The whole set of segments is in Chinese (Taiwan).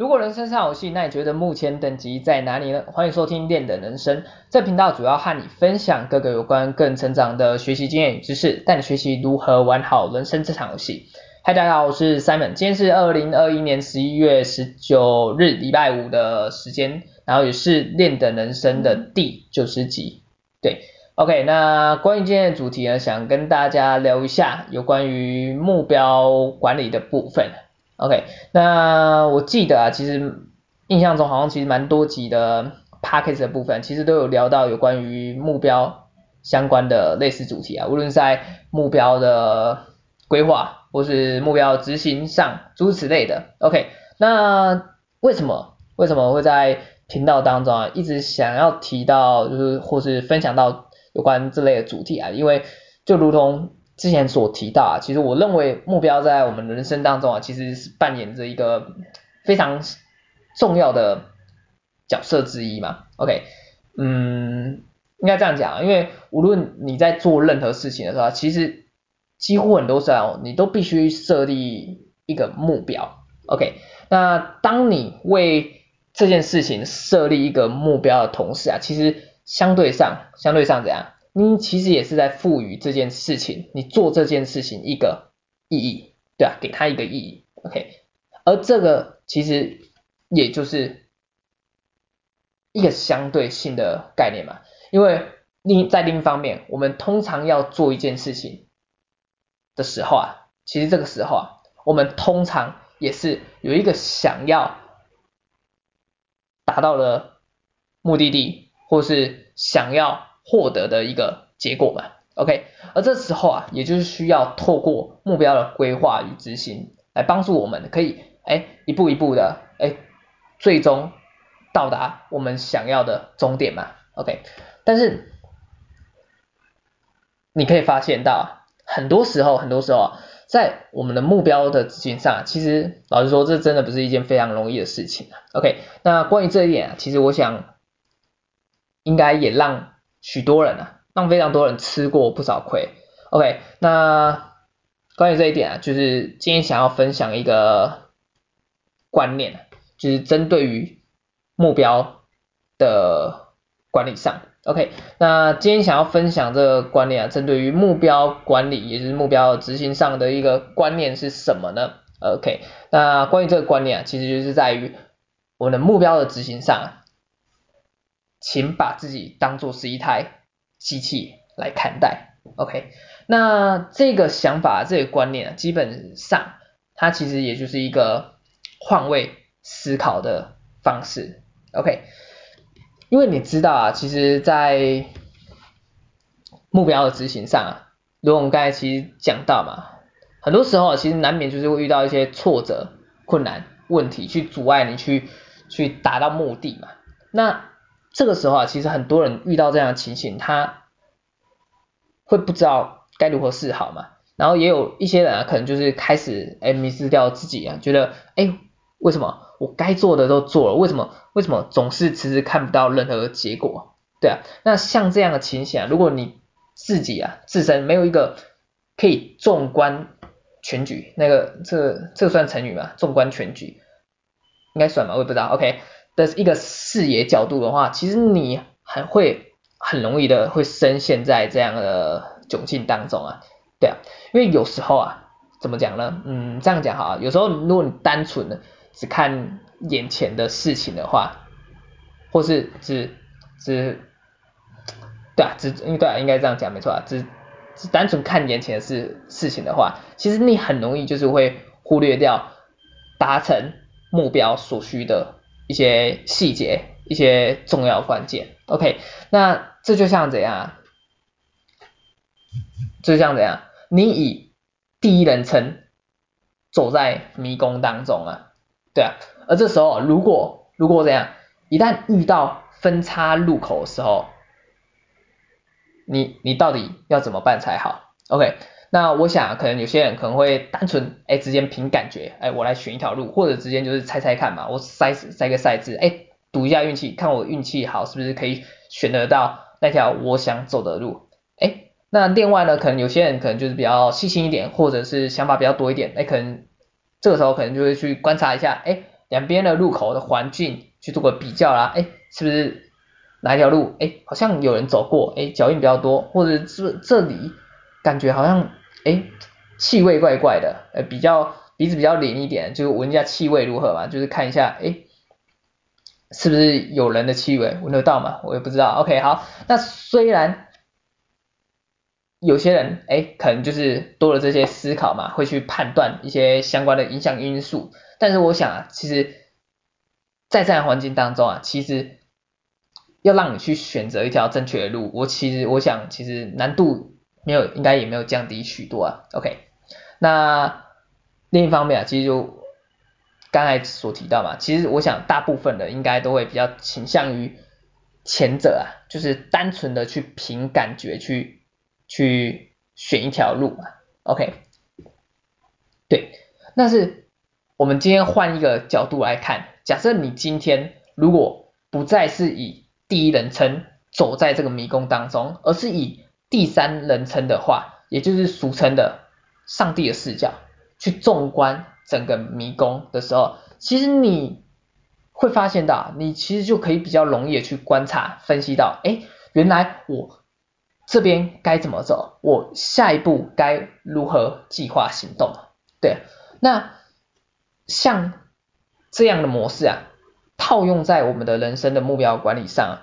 如果人生是場遊戲，那你覺得目前等級在哪裡呢？歡迎收聽《練的人生》這頻道，主要和你分享各個有關個人成長的學習經驗與知識，帶你學習如何玩好人生這場遊戲。嗨，大家好，我是 Simon，今天是二零二一年十一月十九日，禮拜五的時間，然後也是《練的人生》的第九十集。對，OK，那關於今天的主題呢，想跟大家聊一下有關於目標管理的部分。OK，那我記得啊，其實印象中好像其實蠻多集的 Podcast 的部分，其實都有聊到有關於目標相關的類似主題啊，無論是在目標的規劃或是目標執行上，諸如此類的。OK，那為什麼為什麼會在頻道當中啊，一直想要提到就是或是分享到有關這類的主題啊？因為就如同之前所提到啊，其實我認為目標在我們人生當中啊，其實是扮演着一個非常重要的角色之一嘛。OK，嗯，應該這樣講啊，因為無論你在做任何事情的時候，其實幾乎很多時候你都必須設立一個目標。OK，那當你為這件事情設立一個目標的同時啊，其實相對上，相對上怎樣？你其實也是在賦予這件事情，你做這件事情一個意義，對啊，給他一個意義，OK。而這個其實也就是一個相對性的概念嘛，因為另在另一方面，我們通常要做一件事情的時候啊，其實這個時候啊，我們通常也是有一個想要達到的目的地，或是想要。獲得的一個結果嘛，OK，而這時候啊，也就是需要透過目標的規劃與執行，來幫助我們可以，哎，一步一步的，哎，最終到達我們想要的終點嘛，OK，但是你可以發現到，很多時候，很多時候啊，在我們的目標的執行上啊，其實老實說，這真的不是一件非常容易的事情啊，OK，那關於這一點啊，其實我想應該也讓許多人啊，讓非常多人吃過不少虧。OK，那關於這一點啊，就是今天想要分享一個觀念，就是針對於目標的管理上。OK，那今天想要分享這個觀念啊，針對於目標管理，也就是目標執行上的一個觀念是什麼呢？OK，那關於這個觀念啊，其實就是在於我們的目標的執行上啊。請把自己當作是一台機器來看待，OK？那這個想法、這個觀念啊，基本上它其實也就是一個換位思考的方式，OK？因為你知道啊，其實，在目標的執行上啊，如果我們剛才其實講到嘛，很多時候其實難免就是會遇到一些挫折、困難、問題，去阻礙你去去達到目的嘛，那。這個時候啊，其實很多人遇到這樣的情形，他會不知道該如何是好嘛。然後也有一些人啊，可能就是開始哎迷失掉自己啊，覺得哎為什麼我該做的都做了，為什麼為什麼總是遲遲看不到任何結果？對啊，那像這樣的情形啊，如果你自己啊自身沒有一個可以縱觀全局，那個這個、這個算成語嗎？縱觀全局應該算吧，我也不知道。OK。這是一個視野角度的話，其實你很會很容易的會深陷在這樣的窘境當中啊，對啊，因為有時候啊，怎麼講呢？嗯，這樣講哈、啊，有時候如果你單純只看眼前的事情的話，或是只只對啊，只對啊，應該這樣講沒錯啊，只只單純看眼前的事事情的話，其實你很容易就是會忽略掉達成目標所需的。一些細節，一些重要關鍵，OK，那這就像怎樣？就像怎樣？你以第一人稱走在迷宮當中啊，對啊，而這時候如果如果這樣，一旦遇到分叉路口的時候，你你到底要怎麼辦才好？OK。那我想，可能有些人可能會單純哎，直接憑感覺，哎，我來選一條路，或者直接就是猜猜看嘛，我骰，骰一個骰子，哎，賭一下運氣，看我運氣好是不是可以選得到那條我想走的路，哎，那另外呢，可能有些人可能就是比較細心一點，或者是想法比較多一點，誒，可能這個時候可能就會去觀察一下，哎，兩邊的路口的環境去做個比較啦，哎，是不是哪一條路，哎，好像有人走過，哎，腳印比較多，或者是這，這裡感覺好像。哎、欸，氣味怪怪的，呃，比較鼻子比較靈一點，就聞一下氣味如何嘛，就是看一下，哎、欸，是不是有人的氣味聞得到嘛？我也不知道。OK，好，那雖然有些人哎、欸，可能就是多了這些思考嘛，會去判斷一些相關的影響因素，但是我想啊，其實，在這樣的環境當中啊，其實要讓你去選擇一條正確的路，我其實我想，其實難度。沒有，應該也沒有降低許多啊。OK，那另一方面啊，其實就剛才所提到嘛，其實我想大部分的應該都會比較傾向於前者啊，就是單純的去憑感覺去去選一條路嘛 OK，對，但是我們今天換一個角度來看，假設你今天如果不再是以第一人稱走在這個迷宮當中，而是以第三人稱的話，也就是俗稱的上帝的視角，去縱觀整個迷宮的時候，其實你會發現到，你其實就可以比較容易的去觀察、分析到，哎，原來我這邊該怎麼走，我下一步該如何計劃行動？對，那像這樣的模式啊，套用在我們的人生的目標管理上啊，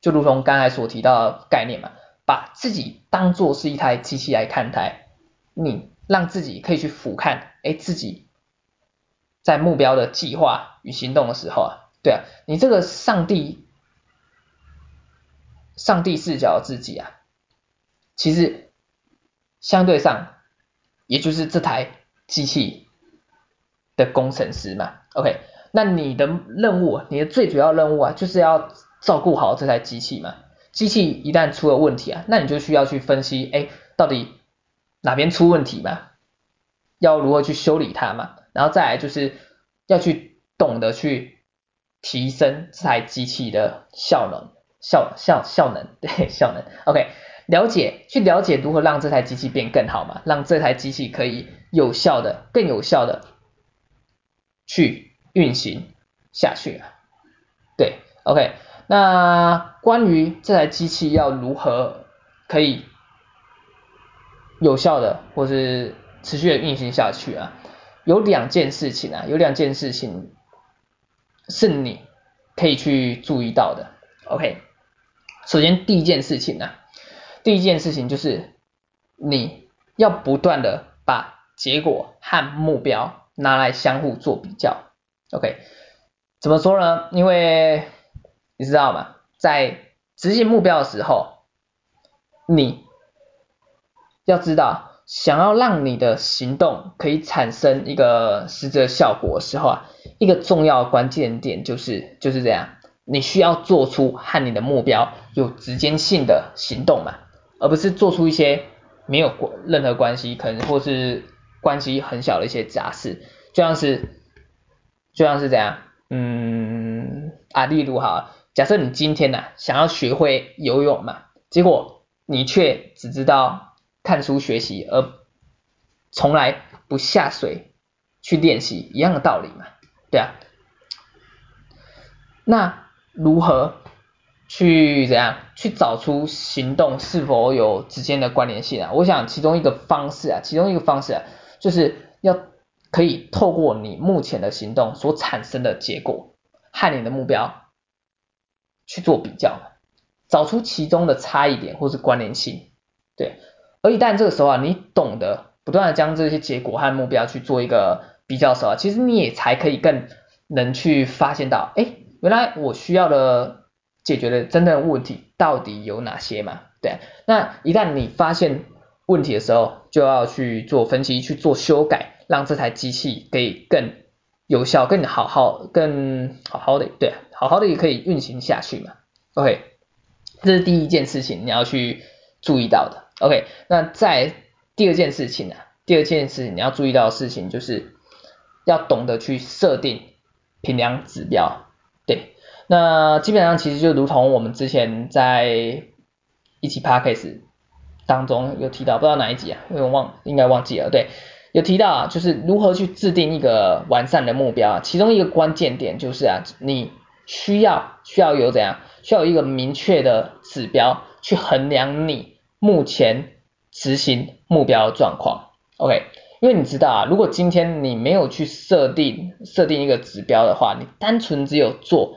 就如同剛才所提到的概念嘛。把自己當做是一台機器來看待，你讓自己可以去俯瞰，哎，自己在目標的計劃與行動的時候啊，對啊，你這個上帝、上帝視角的自己啊，其實相對上，也就是這台機器的工程師嘛，OK，那你的任務，你的最主要任務啊，就是要照顧好這台機器嘛。機器一旦出了問題啊，那你就需要去分析，哎，到底哪邊出問題嘛？要如何去修理它嘛？然後再來就是要去懂得去提升這台機器的效能，效，效，效能，對，效能，OK，了解，去了解如何讓這台機器變更好嘛？讓這台機器可以有效的，更有效的去運行下去啊，對，OK。那關於這台機器要如何可以有效的或是持續的運行下去啊，有兩件事情啊，有兩件事情是你可以去注意到的，OK。首先第一件事情呢，啊，第一件事情就是你要不斷的把結果和目標拿來相互做比較，OK。怎麼說呢？因為你知道嗎？在執行目標的時候，你要知道，想要讓你的行動可以產生一個實質的效果的時候啊，一個重要關鍵點就是就是這樣，你需要做出和你的目標有直接性的行動嘛，而不是做出一些沒有關任何關係，可能或是關係很小的一些雜事，就像是就像是這樣，嗯啊，例如哈。假設你今天吶、啊、想要學會游泳嘛，結果你卻只知道看書學習，而從來不下水去練習，一樣的道理嘛，對啊。那如何去怎樣去找出行動是否有之間的關聯性啊？我想其中一個方式啊，其中一個方式啊，就是要可以透過你目前的行動所產生的結果，和你的目標。去做比較，找出其中的差異點或是關聯性，對。而一旦這個時候啊，你懂得不斷的將這些結果和目標去做一個比較的時候啊，其實你也才可以更能去發現到，哎、欸，原來我需要的解決的真正的問題到底有哪些嘛？對、啊。那一旦你發現問題的時候，就要去做分析，去做修改，讓這台機器可以更有效、更你好好、更好好的，對、啊。好好的也可以運行下去嘛，OK，這是第一件事情，你要去注意到的，OK，那在第二件事情啊，第二件事情你要注意到的事情就是要懂得去設定評量指標，對，那基本上其實就如同我們之前在一集 Podcast 當中有提到，不知道哪一集啊，因為我忘應該忘記了，對，有提到啊，就是如何去制定一個完善的目標啊，其中一個關鍵點就是啊，你。需要需要有怎樣？需要有一個明確的指標去衡量你目前執行目標的狀況。OK，因為你知道啊，如果今天你沒有去設定設定一個指標的話，你單純只有做，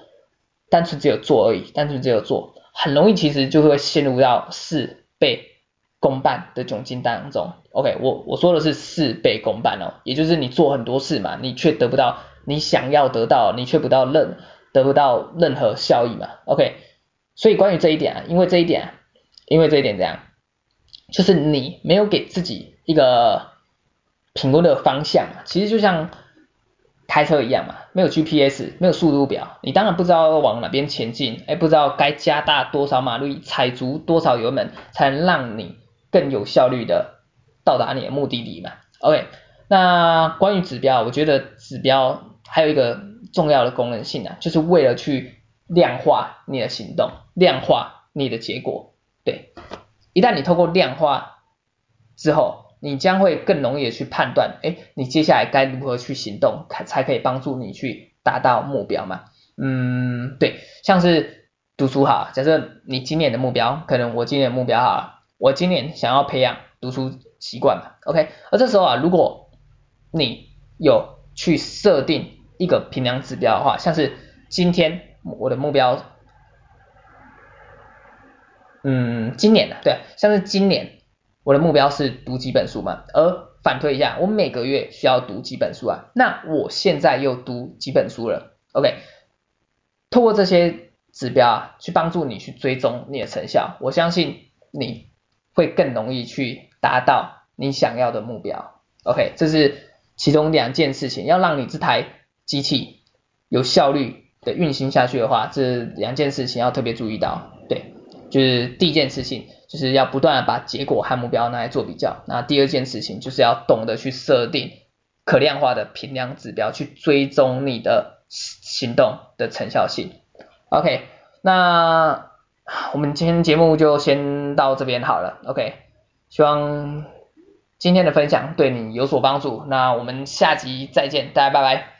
單純只有做而已，單純只有做，很容易其實就會陷入到事倍功半的窘境當中。OK，我我說的是事倍功半哦，也就是你做很多事嘛，你卻得不到你想要得到，你卻不到認。得不到任何效益嘛，OK，所以關於這一點啊，因為這一點啊，因為這一點這樣，就是你沒有給自己一個評估的方向嘛，其實就像開車一樣嘛，沒有 GPS，沒有速度表，你當然不知道往哪邊前進，哎，不知道該加大多少馬力，踩足多少油門，才能讓你更有效率的到達你的目的地嘛，OK，那關於指標，我覺得指標還有一個重要的功能性啊，就是為了去量化你的行動，量化你的結果。對，一旦你透過量化之後，你將會更容易的去判斷，哎，你接下來該如何去行動，才才可以幫助你去達到目標嘛。嗯，對，像是讀書哈，假設你今年的目標，可能我今年的目標哈，我今年想要培養讀書習慣嘛，OK，而這時候啊，如果你有去設定一個評量指標的話，像是今天我的目標，嗯，今年的、啊、對，像是今年我的目標是讀幾本書嘛，而反推一下，我每個月需要讀幾本書啊？那我現在又讀幾本書了？OK，透過這些指標啊，去幫助你去追蹤你的成效，我相信你會更容易去達到你想要的目標。OK，這是其中兩件事情，要讓你這台。機器有效率的運行下去的話，這兩件事情要特別注意到。對，就是第一件事情，就是要不斷把結果和目標拿來做比較。那第二件事情，就是要懂得去設定可量化的評量指標，去追蹤你的行動的成效性。OK，那我們今天節目就先到這邊好了。OK，希望今天的分享對你有所幫助。那我們下集再見，大家拜拜。